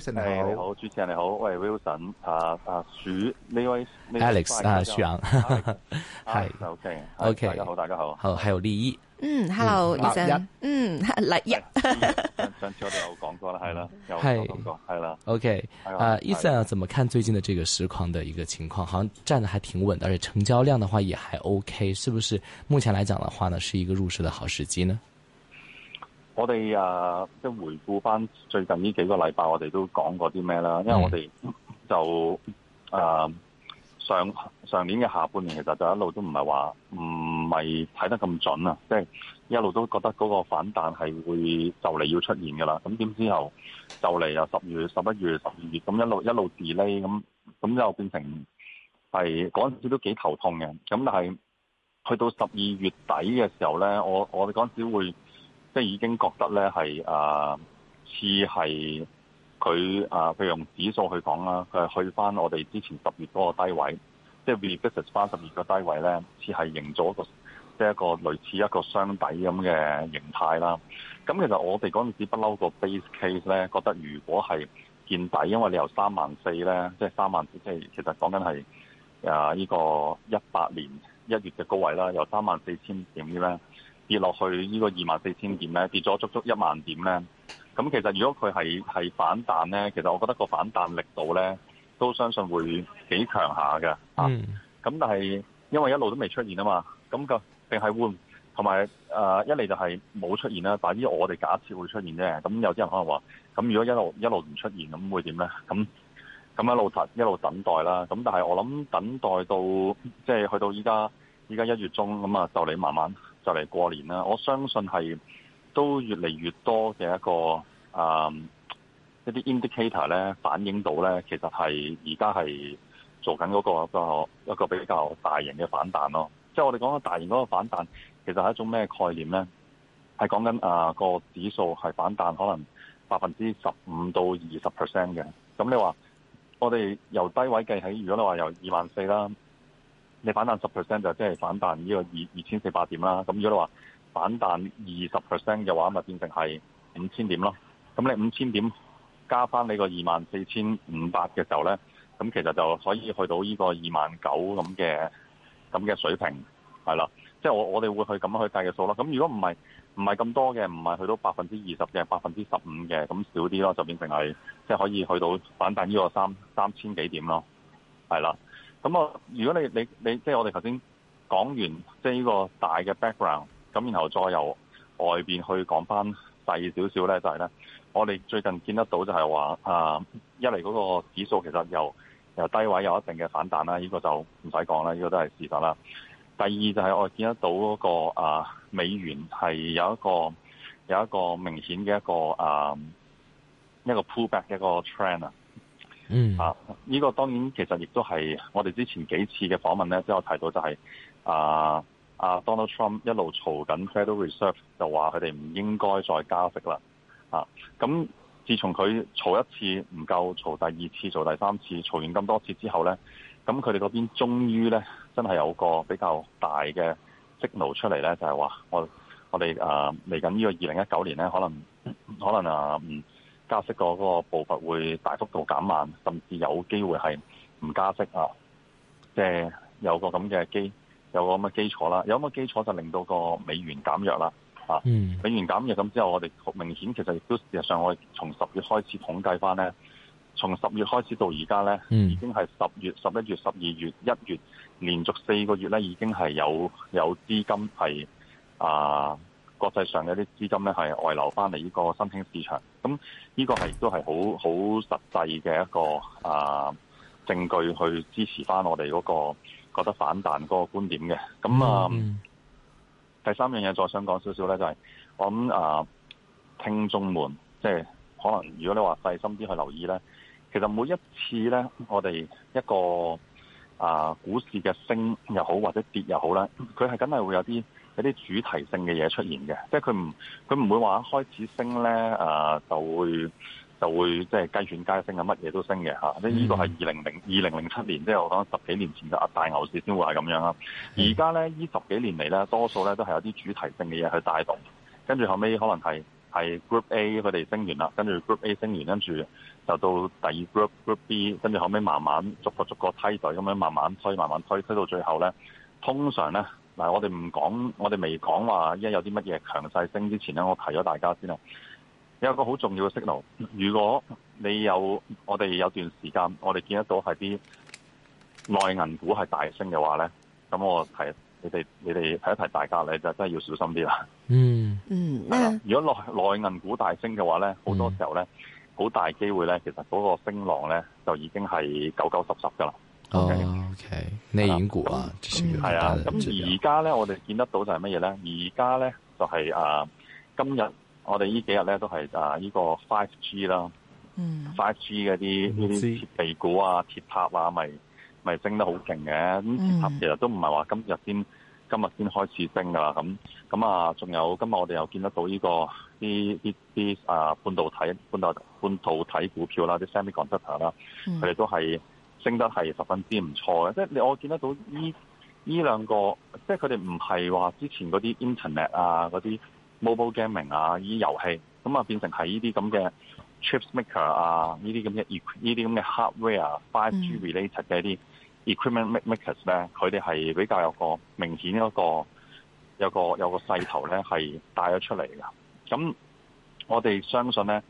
誒，你好，主持人你好，喂，Wilson，啊啊，鼠呢位 Alex 啊，鼠眼，係，OK，OK，大家好，大家好，好，還有利益。嗯，Hello，醫生，嗯，立一，上次我哋有講過啦，係啦，有講過，係啦，OK，啊，醫生，怎麼看最近的這個市況的一個情況？好像站得還挺穩的，而且成交量的話也還 OK，是不是？目前來講的話呢，是一個入市的好時機呢？我哋啊，即係回顧翻最近呢幾個禮拜，我哋都講過啲咩啦？因為我哋就啊上上年嘅下半年，其實就一路都唔係話唔係睇得咁準啊，即係一路都覺得嗰個反彈係會就嚟要出現噶啦。咁點知後就嚟啊，十月、十一月、十二月，咁一路一路 delay 咁，咁就變成係嗰陣時都幾頭痛嘅。咁但係去到十二月底嘅時候咧，我我哋嗰陣時會。即係已經覺得咧係啊，似係佢啊，譬、呃、如用指數去講啦，佢去翻我哋之前十月嗰個低位，即係 revisit 翻十月個低位咧，似係形成咗一個即係一個類似一個雙底咁嘅形態啦。咁其實我哋嗰陣時不嬲個 base case 咧，覺得如果係見底，因為你由三萬四咧，即係三萬四，即係其實講緊係啊，呢個一八年一月嘅高位啦，由三萬四千點啲咧。跌落去個24，呢個二萬四千點咧，跌咗足足一萬點咧。咁其實如果佢係係反彈咧，其實我覺得個反彈力度咧都相信會幾強下㗎。咁但係因為一路都未出現啊嘛，咁個定係會同埋誒一嚟就係冇出現啦，反而我哋假設會出現啫。咁有啲人可能話咁，如果一路一路唔出現咁會點咧？咁咁一路等一路等待啦。咁但係我諗等待到即係去到依家依家一月中咁啊，就嚟慢慢。就嚟過年啦！我相信係都越嚟越多嘅一個啊一啲 indicator 咧反映到咧，其實係而家係做緊嗰個一個比較大型嘅反彈咯。即係我哋講緊大型嗰個反彈，其實係一種咩概念咧？係講緊啊個指數係反彈，可能百分之十五到二十 percent 嘅。咁你話我哋由低位計起，如果你話由二萬四啦。你反彈十 percent 就即係反彈呢個二二千四百點啦，咁如果你話反彈二十 percent 嘅話，咪變成係五千點咯。咁你五千點加翻你個二萬四千五百嘅時候咧，咁其實就可以去到呢個二萬九咁嘅咁嘅水平，係啦。即係我我哋會去咁樣去計嘅數咯。咁如果唔係唔係咁多嘅，唔係去到百分之二十嘅，百分之十五嘅，咁少啲咯，就變成係即係可以去到反彈呢個三三千幾點咯，係啦。咁我如果你你你即係我哋頭先講完，即係呢個大嘅 background，咁然後再由外邊去講翻細少少咧，就係咧，我哋最近見得到就係話啊一嚟嗰個指數其實由由低位有一定嘅反彈啦，呢個就唔使講啦，呢個都係事實啦。第二就係我哋見得到嗰個啊美元係有一個有一個明顯嘅一個啊一個 pullback 嘅一個 trend 啊。嗯、mm. 啊，呢、這個當然其實亦都係我哋之前幾次嘅訪問咧，都、就、有、是、提到就係、是、啊啊 Donald Trump 一路嘈緊 Federal Reserve 就話佢哋唔應該再加息啦啊！咁自從佢嘈一次唔夠嘈，嘈第二次，嘈第三次，嘈完咁多次之後咧，咁佢哋嗰邊終於咧真係有個比較大嘅息怒出嚟咧，就係、是、話我我哋啊嚟緊呢個二零一九年咧，可能可能啊唔～加息嗰個步伐會大幅度減慢，甚至有機會係唔加息啊！即係有個咁嘅基，有個咁嘅基礎啦，有咁嘅基礎就令到個美元減弱啦。啊，嗯、美元減弱咁之後，我哋明顯其實亦都事實上，我哋從十月開始統計翻咧，從十月開始到而家咧，已經係十月、十一月、十二月、一月連續四個月咧，已經係有有資金係啊。國際上嘅啲資金咧，係外流翻嚟呢個新興市場，咁呢個係都係好好實際嘅一個啊證據，去支持翻我哋嗰、嗰個覺得反彈嗰個觀點嘅。咁啊，第三樣嘢再想講少少咧，就係我諗啊聽眾們，即、就、係、是、可能如果你話細心啲去留意咧，其實每一次咧，我哋一個啊股市嘅升又好或者跌又好啦，佢係梗係會有啲。有啲主題性嘅嘢出現嘅，即係佢唔佢唔會話開始升咧，誒、呃、就會就會即係、就是、雞犬皆升啊，乜嘢都升嘅嚇。即呢個係二零零二零零七年，即係我講十幾年前嘅大牛市先會係咁樣啦。而家咧呢這十幾年嚟咧，多數咧都係有啲主題性嘅嘢去帶動，跟住後尾可能係係 Group A 佢哋升完啦，跟住 Group A 升完，跟住就到第二 Group Group B，跟住後尾慢慢逐個逐個梯隊咁樣慢慢推，慢慢推，推到最後咧，通常咧。嗱，我哋唔講，我哋未講話，一有啲乜嘢強勢升之前咧，我提咗大家先啦。有一個好重要嘅 signal，如果你有我哋有段時間，我哋見得到係啲內銀股係大升嘅話咧，咁我提你哋，你哋提一提大家咧，就真係要小心啲啦。嗯嗯，如果內，內銀股大升嘅話咧，好多時候咧，好大機會咧，其實嗰個升浪咧，就已經係九九十十噶啦。O K O K 內延股啊，係啊，咁而家咧，我哋見得到就係乜嘢咧？而家咧，就係啊，今日我哋呢幾日咧都係啊，呢個 Five G 啦，Five G 嗰啲呢啲設備股啊、鐵塔啊、咪咪升得好勁嘅。咁、嗯、鐵塔其實都唔係話今日先，今日先開始升㗎喇。咁咁啊，仲有今日我哋又見得到呢、呢個啲啲啲啊、半導體、半導半導體股票啦，啲 Semiconductor 啦，佢哋、嗯、都係。升得係十分之唔錯嘅，即係你我見得到依依兩個，即係佢哋唔係話之前嗰啲 internet 啊、嗰啲 mobile gaming 啊依遊戲，咁啊變成係依啲咁嘅 chips maker 啊呢啲咁嘅依啲咁嘅 hardware five G related 嘅一啲 equipment makers 咧，佢哋係比較有個明顯一個有一個有個勢頭咧係帶咗出嚟㗎。咁我哋相信咧。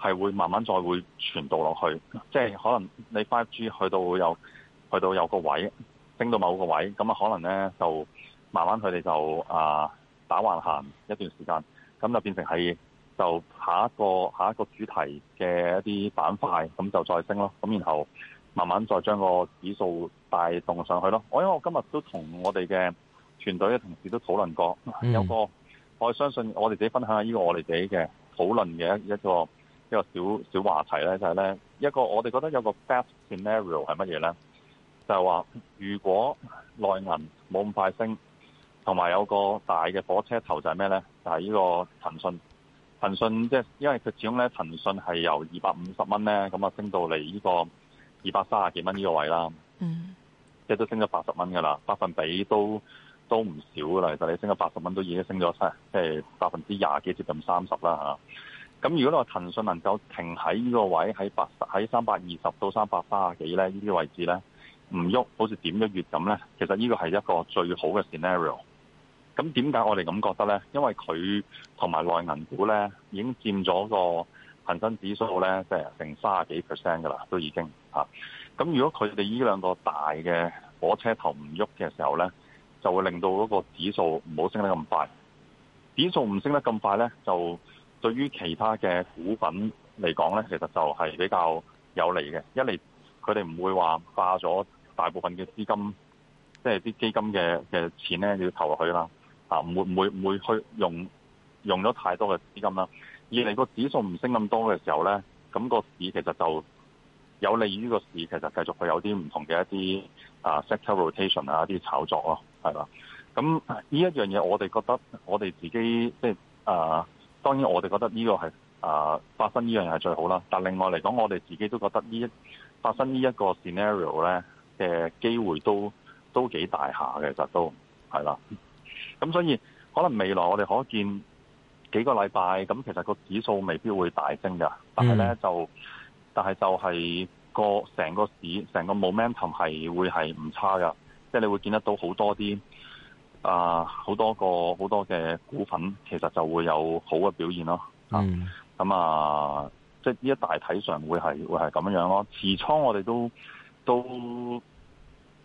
係會慢慢再會傳導落去，即係可能你 5G 去到有，去到有個位升到某個位，咁啊可能咧就慢慢佢哋就啊打橫行一段時間，咁就變成係就下一個下一個主題嘅一啲板塊，咁就再升咯，咁然後慢慢再將個指數帶動上去咯。我因為我今日都同我哋嘅團隊嘅同事都討論過，嗯、有個我係相信我哋自己分享一下呢個我哋自己嘅討論嘅一一個。一個小小話題咧，就係咧一個我哋覺得有個 best scenario 係乜嘢咧？就係話如果內銀冇咁快升，同埋有個大嘅火車頭就係咩咧？就係呢個騰訊。騰訊即係因為佢始終咧，騰訊係由二百五十蚊咧，咁啊升到嚟呢個二百卅幾蚊呢個位啦。嗯，即係都升咗八十蚊噶啦，百分比都都唔少噶啦。其實你升咗八十蚊都已經升咗，即係百分之廿幾接近三十啦嚇。咁如果你話騰訊能夠停喺呢個位，喺百喺三百二十到三百三十幾咧？呢啲位置咧唔喐，好似點一月咁咧，其實呢個係一個最好嘅 scenario。咁點解我哋咁覺得咧？因為佢同埋內銀股咧已經佔咗個恆生指數咧，即係成三啊幾 percent 噶啦，都已經嚇。咁如果佢哋呢兩個大嘅火車頭唔喐嘅時候咧，就會令到嗰個指數唔好升得咁快。指數唔升得咁快咧，就。對於其他嘅股份嚟講咧，其實就係比較有利嘅。一嚟，佢哋唔會話花咗大部分嘅資金，即係啲基金嘅嘅錢咧，要投落去啦。啊，唔會唔會唔會去用用咗太多嘅資金啦。二嚟，個指數唔升咁多嘅時候咧，咁、那個市其實就有利於呢個市其實繼續去有啲唔同嘅一啲啊 sector rotation 啊一啲炒作咯，係啦。咁呢一樣嘢，我哋覺得我哋自己即係啊。就是呃當然，我哋覺得呢個係啊、呃、發生呢樣嘢係最好啦。但另外嚟講，我哋自己都覺得呢一發生呢一個 scenario 咧嘅機會都都幾大下嘅，其實都係啦。咁所以可能未來我哋可見幾個禮拜，咁其實個指數未必會大升㗎。但係咧、嗯、就，但係就係個成個市成個 momentum 係會係唔差㗎，即係你會見得到好多啲。啊，好多個好多嘅股份其實就會有好嘅表現咯，嗯咁啊，即係呢一大體上會係會係咁樣樣咯。持倉我哋都都，都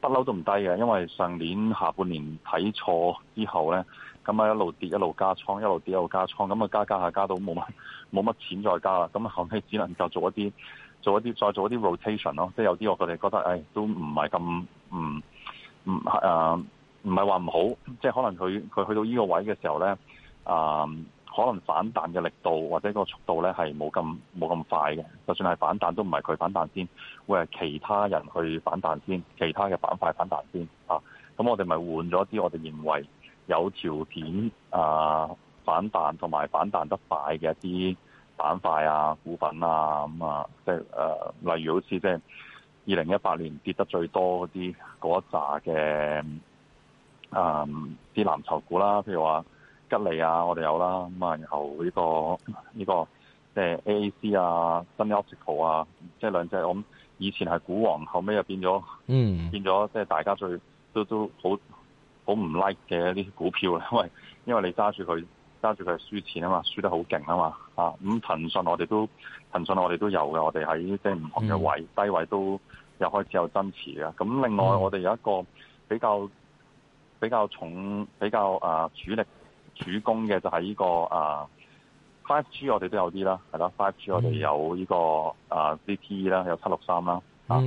不嬲都唔低嘅，因為上年下半年睇錯之後咧，咁啊一路跌一路加倉，一路跌一路加倉，咁啊加一加下加，加到冇乜冇乜錢再加啦，咁後尾只能夠做一啲做一啲再做一啲 rotation 咯，即係有啲我哋覺得誒、哎、都唔係咁唔唔啊！唔係話唔好，即係可能佢佢去到呢個位嘅時候呢，啊、嗯，可能反彈嘅力度或者個速度呢係冇咁冇咁快嘅。就算係反彈，都唔係佢反彈先，會係其他人去反彈先，其他嘅板塊反彈先啊。咁我哋咪換咗啲我哋認為有條件啊反彈同埋反彈得快嘅一啲板塊啊、股份啊咁啊、嗯，即係、呃、例如好似即係二零一八年跌得最多嗰啲嗰一扎嘅。啊！啲、嗯、藍籌股啦，譬如話吉利啊，我哋有啦。咁啊，然後呢、這個呢、這個即係 A A C 啊，Sunny Optical 啊，即係兩隻我諗以前係股王，後尾又變咗，嗯、變咗即係大家最都都好好唔 like 嘅一啲股票，因為因為你揸住佢揸住佢係輸錢啊嘛，輸得好勁啊嘛啊！咁、嗯、騰訊我哋都騰訊我哋都有嘅，我哋喺即係唔同嘅位、嗯、低位都又開始有增持嘅。咁另外我哋有一個比較。嗯比較重、比較啊主力主攻嘅就係呢個啊，Five、呃、G 我哋都有啲啦，係啦，Five G 我哋有呢個啊 CPE 啦，有七六三啦，啊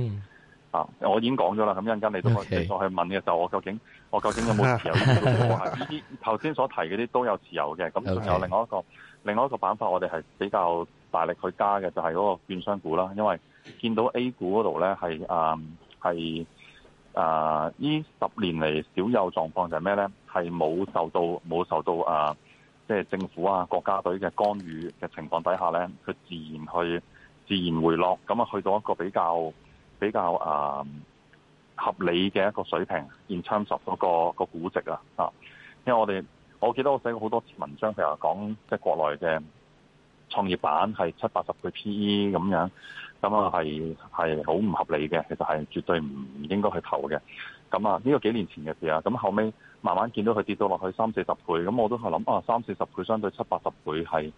啊我已經講咗啦，咁一陣間你都可再 Okay. 去問嘅，就我究竟我究竟，我究竟有冇持有呢啲？呢啲頭先所提嗰啲都有持有嘅，咁仲有另外一個 Okay. 另外一個板塊，我哋係比較大力去加嘅，就係嗰個券商股啦，因為見到 A 股嗰度咧係啊係。呃啊！呢、uh, 十年嚟少有狀況就係咩呢？係冇受到冇受到啊，即、uh, 係政府啊、國家隊嘅干預嘅情況底下呢，佢自然去自然回落，咁啊去到一個比較比較啊、uh, 合理嘅一個水平，in terms of 嗰個估值啊，uh, 因為我哋我記得我寫過好多次文章，譬如話講即係國內嘅創業板係七八十倍 PE 咁樣。咁啊，係係好唔合理嘅，其實係絕對唔應該去投嘅。咁啊，呢個幾年前嘅事啊，咁後尾慢慢見到佢跌到落去三四十倍，咁我都係諗啊，三四十倍相對七八十倍係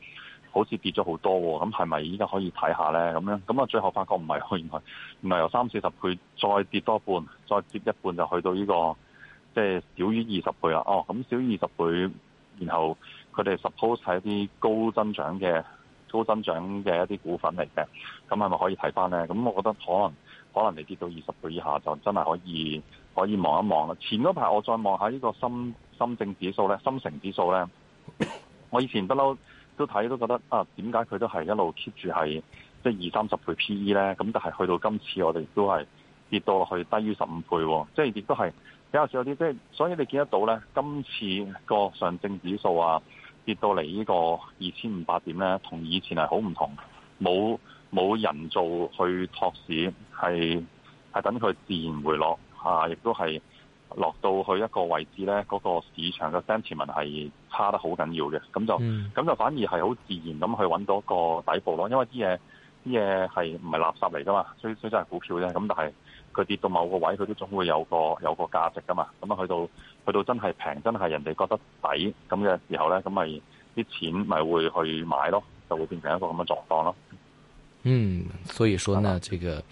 好似跌咗好多喎。咁係咪依家可以睇下咧？咁樣咁啊，最後發覺唔係去，原來唔係由三四十倍再跌多半，再跌一半就去到呢個即係少於二十倍啦。哦，咁少於二十倍，然後佢哋 suppose 係一啲高增長嘅。高增長嘅一啲股份嚟嘅，咁係咪可以睇返呢？咁我覺得可能可能你跌到二十倍以下，就真係可以可以望一望啦。前嗰排我再望下呢個深深證指數呢，深成指數呢，數呢 我以前不嬲都睇都覺得啊，點解佢都係一路 keep 住係即係二三十倍 PE 呢。咁但係去到今次我哋都係跌到落去低於十五倍，哦，即係亦都係比較少啲。即係、即係、所以你見得到呢，今次個上證指數啊，跌到嚟呢個二千五百點咧，同以前係好唔同，冇冇人做去托市，係係等佢自然回落嚇，亦、啊、都係落到去一個位置咧，嗰、那個市場嘅 sentiment 係差得好緊要嘅，咁就咁、嗯、就反而係好自然咁去揾到一個底部咯，因為啲嘢啲嘢係唔係垃圾嚟噶嘛，所以真係股票啫，咁但係。佢跌到某個位，佢都總會有個有個價值噶嘛。咁啊，去到去到真係平，真係人哋覺得抵咁嘅時候咧，咁咪啲錢咪會去買咯，就會變成一個咁嘅狀況咯。嗯，所以說呢，這個，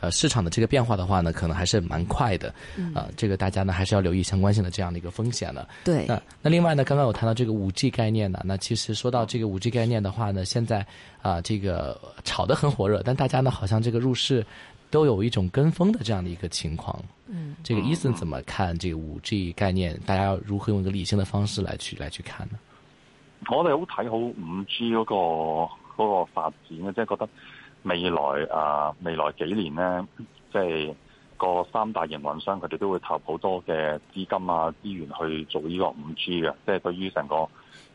呃，市場嘅這個變化的話呢，可能還是蠻快嘅。啊，嗯呃，這個大家呢，還是要留意相關性嘅這樣的一個風險的。對，那那另外呢，剛剛我談到這個五 G 概念呢，那其實說到這個五 G 概念的話呢，現在啊，呃，這個炒得很火熱，但大家呢，好像這個入市。都有一種跟風的這樣的一個情況，嗯，這個 Eason 怎麼看這個五 G 概念？嗯、大家要如何用一個理性的方式來去、嗯、來去看呢？我哋好睇好五 G 嗰、那個嗰、那個發展嘅，即、就、係、是、覺得未來啊、呃，未來幾年呢即係、就是、個三大營運商佢哋都會投好多嘅資金啊資源去做呢個五 G 嘅，即、就、係、是、對於成個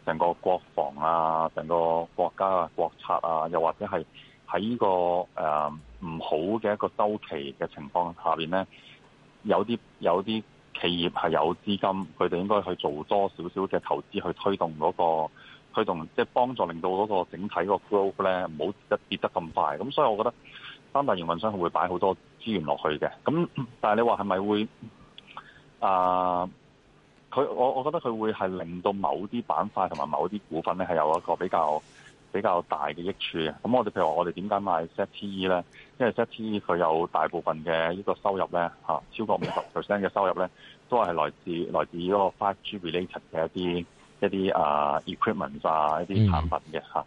成個國防啊，成個國家啊國策啊，又或者係喺呢個誒。呃唔好嘅一個周期嘅情況下面呢，有啲有啲企業係有資金，佢哋應該去做多少少嘅投資去推動嗰個推動，即係幫助令到嗰個整體個 growth 呢，唔好一跌得咁快。咁所以我覺得三大營運商會擺好多資源落去嘅。咁但係你話係咪會啊？佢、呃、我我覺得佢會係令到某啲板塊同埋某啲股份呢，係有一個比較比較大嘅益處啊！咁我哋譬如話，我哋點解買 ZTE 咧？因為 ZTE 佢有大部分嘅呢個收入咧，嚇超過五十 percent 嘅收入咧，都係來自來自呢個 five G related 嘅一啲一啲啊、uh, equipment 啊一啲產品嘅嚇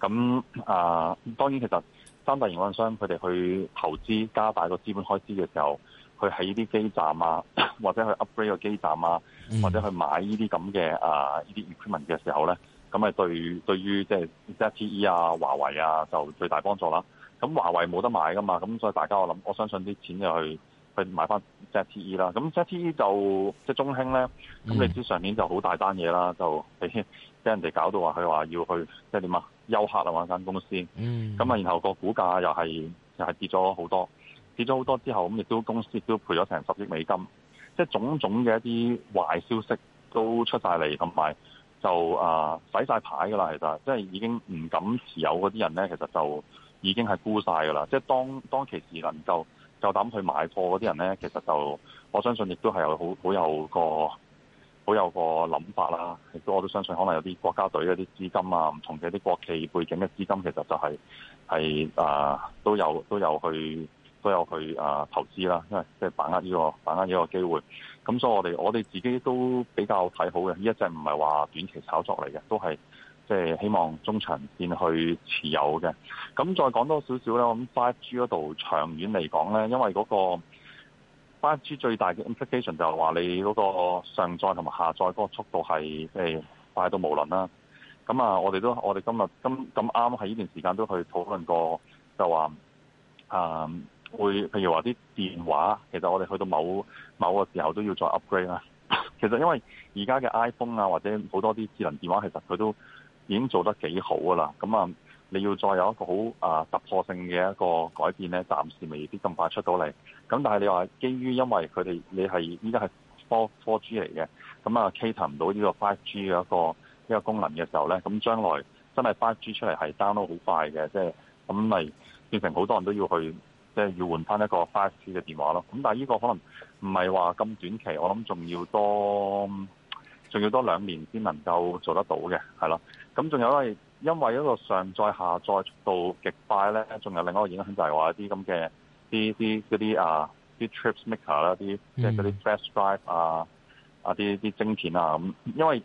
咁啊，mm. uh, 當然其實三大營運商佢哋去投資加大個資本開支嘅時候，佢喺呢啲基站啊，或者去 upgrade 個基站啊，或者去買呢啲咁嘅啊呢啲 equipment 嘅時候咧。咁咪對對於即係 ZTE 啊、華為啊，就最大幫助啦。咁華為冇得買噶嘛，咁所以大家我諗，我相信啲錢就去去買翻 ZTE 啦。咁 ZTE 就即係中興咧，咁你知上年就好大單嘢啦，就俾俾人哋搞到話佢話要去即係點啊，休克啊嘛間公司。咁啊，然後個股價又係又係跌咗好多，跌咗好多之後，咁亦都公司都賠咗成十億美金，即係種種嘅一啲壞消息都出晒嚟，同埋。就啊，洗晒牌噶啦，其實即係已經唔敢持有嗰啲人咧，其實就已經係沽晒噶啦。即係當當其時能夠夠膽去買貨嗰啲人咧，其實就我相信亦都係有好好有個好有個諗法啦。亦都我都相信可能有啲國家隊嗰啲資金啊，唔同嘅啲國企背景嘅資金，其實就係、係、係啊都有都有去都有去啊投資啦，因為即係把握呢個把握呢個機會。咁所以我哋我哋自己都比較睇好嘅，呢一隻唔係話短期炒作嚟嘅，都係即係希望中長線去持有嘅。咁再講多少少咧，咁 five G 嗰度長遠嚟講咧，因為嗰個 five G 最大嘅 implication 就係話你嗰個上載同埋下載嗰個速度係即係快到無論啦。咁啊，我哋都我哋今日今咁啱喺呢段時間都去討論過，就話啊。會譬如話啲電話，其實我哋去到某某個時候都要再 upgrade 啦。其實因為而家嘅 iPhone 啊，或者好多啲智能電話，其實佢都已經做得幾好噶啦。咁啊，你要再有一個好啊突破性嘅一個改變咧，暫時未必咁快出到嚟。咁但係你話基於因為佢哋你係依家係 Four G 嚟嘅，咁啊 cater 唔到呢個 five G 嘅一個一、呢個功能嘅時候咧，咁將來真係 five G 出嚟係 download 好快嘅，即係咁咪變成好多人都要去。即係要換返一個 5G 嘅電話咯，咁但係呢個可能唔係話咁短期，我諗仲要多，仲要多兩年先能夠做得到嘅，係咯。咁仲有係因為一個上載下載速度極快咧，仲有另一個影響就係話啲咁嘅啲啲嗰啲啊啲 trips maker 啦，啲即係嗰啲 fast drive 啊啊啲啲晶片啊，咁因為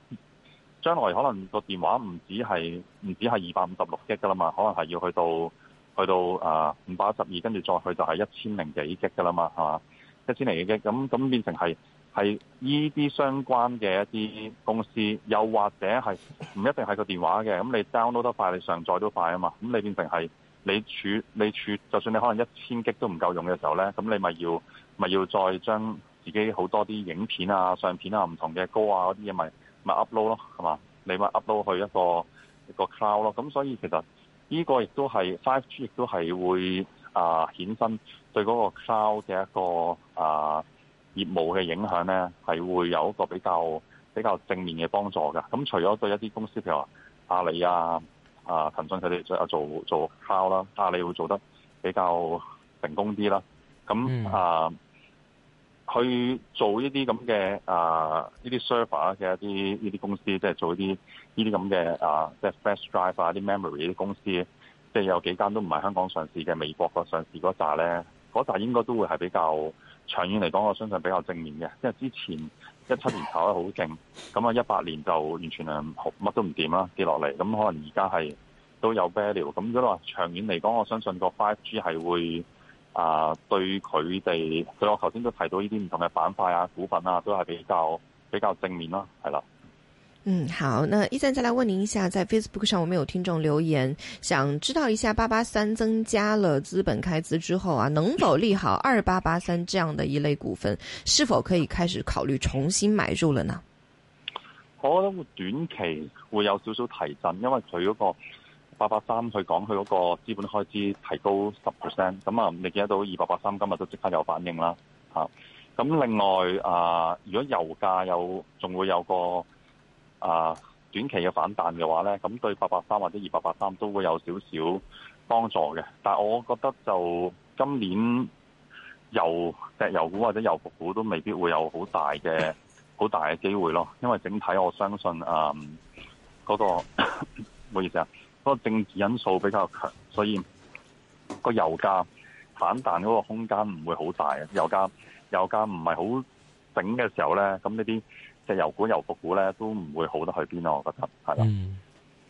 將來可能個電話唔止係唔止係二百五十六 G 㗎啦嘛，可能係要去到。去到啊五百一十二，跟住再去就係一千零幾 G 嘅啦嘛，係嘛？一千零幾 G，咁咁變成係係依啲相關嘅一啲公司，又或者係唔一定係個電話嘅，咁你 download 得快，你上載都快啊嘛。咁你變成係你儲你儲，就算你可能一千 G 都唔夠用嘅時候咧，咁你咪要咪要再將自己好多啲影片啊、相片啊、唔同嘅歌啊嗰啲嘢，咪咪 upload 咯，係嘛？你咪 upload 去一個一個 cloud 咯。咁所以其實。呢個亦都係 5G 亦都係會啊衍生對嗰個 Cloud 嘅一個啊業務嘅影響咧，係會有一個比較比較正面嘅幫助嘅。咁除咗對一啲公司，譬如話阿里啊、啊騰訊佢哋做做做 Cloud 啦、啊，阿里會做得比較成功啲啦。咁啊。嗯去做一啲咁嘅啊，呢啲 server 嘅一啲呢啲公司，即係做一啲呢啲咁嘅啊，即係 flash drive 啊、啲 memory 啲公司，即係有幾間都唔係香港上市嘅，美國個上市嗰紮咧，嗰紮應該都會係比較長遠嚟講，我相信比較正面嘅，因為之前一七年炒得好勁，咁啊一八年就完全係乜都唔掂啦，跌落嚟，咁可能而家係都有 value，咁如果話長遠嚟講我相信個 5G 係會。啊！對佢哋，所以我頭先都提到呢啲唔同嘅板塊啊、股份啊，都係比較比較正面咯、啊，係啦。嗯，好。那一讚，再來問您一下，在 Facebook 上，我們有聽眾留言，想知道一下八八三增加了資本開支之後啊，能否利好二八八三這樣的一類股份？是否可以開始考慮重新買入了呢？我覺得會短期會有少少提振，因為佢嗰個。八八三，去講佢嗰個資本開支提高十 percent，咁啊，你見到二百八三今日都即刻有反應啦，咁另外啊，如果油價又仲會有個啊短期嘅反彈嘅話咧，咁對八八三或者二百八三都會有少少幫助嘅。但係我覺得就今年油石油股或者油服股都未必會有好大嘅好大嘅機會咯，因為整體我相信啊、那、嗰個唔好 意思啊。嗰個政治因素比較強，所以個油價反彈嗰個空間唔會好大。油價油價唔係好整嘅時候咧，咁呢啲即油股、油服股咧都唔會好得去邊咯。我覺得係啦。嗯。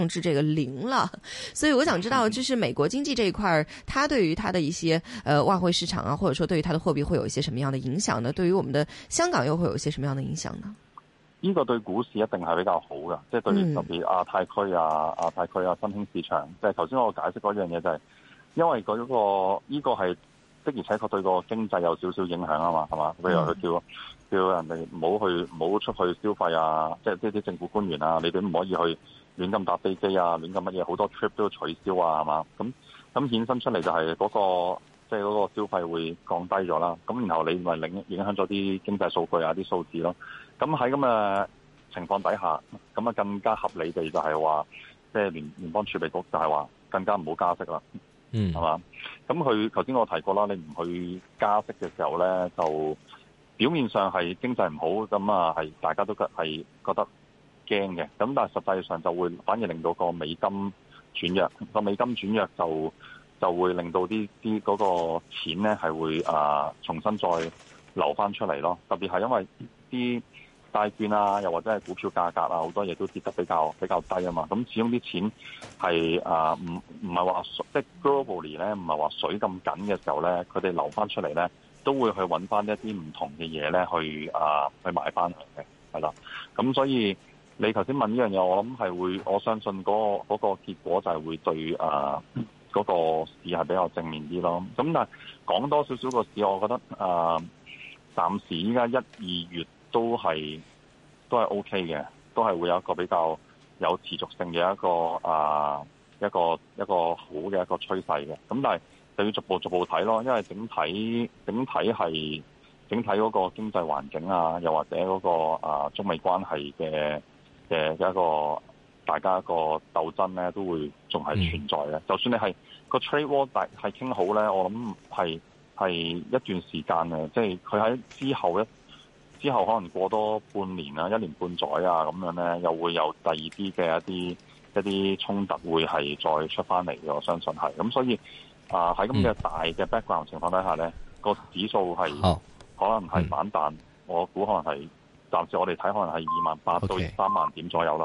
控制這個零了，所以我想知道，就是美國經濟這一塊，它對於它的一些，呃，外匯市場啊，或者說對於它的貨幣會有一些什麼樣的影響呢？對於我們的香港又會有一些什麼樣的影響呢？呢個對股市一定係比較好嘅，即係對特別亞、啊嗯啊、太區啊、亞、啊、太區啊新興市場。就係頭先我解釋嗰樣嘢就係、是，因為嗰、那個呢、這個係的而且確對個經濟有少少影響啊嘛，係嘛？譬如佢叫、嗯、叫人哋唔好去唔好出去消費啊，即係即係啲政府官員啊，你哋唔可以去。亂咁搭飛機啊，亂咁乜嘢，好多 trip 都要取消啊，係嘛？咁咁衍生出嚟就係嗰個，即係嗰個消費會降低咗啦。咁然後你咪影影響咗啲經濟數據啊，啲數字咯。咁喺咁嘅情況底下，咁啊更加合理地就係話，即係聯聯邦儲備局就係話更加唔好加息啦。嗯、mm.，係嘛？咁佢頭先我提過啦，你唔去加息嘅時候咧，就表面上係經濟唔好，咁啊係大家都係覺得。驚嘅，咁但係實際上就會反而令到個美金轉弱，個美金轉弱就就會令到啲啲嗰個錢咧係會啊重新再流翻出嚟咯。特別係因為啲債券啊，又或者係股票價格啊，好多嘢都跌得比較比較低啊嘛。咁始終啲錢係啊唔唔係話即係 globally 咧唔係話水咁緊嘅時候咧，佢哋流翻出嚟咧都會去搵翻一啲唔同嘅嘢咧去啊去買翻嚟嘅，係啦。咁所以。你頭先問呢樣嘢，我諗係會，我相信嗰個嗰個結果就係會對誒嗰個市係比較正面啲咯。咁但係講多少少個市，我覺得誒暫時依家一、二月都係都係 OK 嘅，都係會有一個比較有持續性嘅一個誒一個一個好嘅一個趨勢嘅。咁但係就要逐步逐步睇咯，因為整體整體係整體嗰個經濟環境啊，又或者嗰個中美關係嘅嘅一個大家一個鬥爭咧，都會仲係存在嘅。嗯、就算你係個 trade war 大係傾好咧，我諗係係一段時間嘅，即係佢喺之後一之後可能過多半年啊、一年半載啊咁樣咧，又會有第二啲嘅一啲一啲衝突會係再出翻嚟嘅。我相信係咁，所以啊喺咁嘅大嘅 background 情況底下咧，個、嗯、指數係、哦、可能係反彈，嗯、我估可能係。暫時我哋睇可能係二萬八到三萬點左右啦。Okay.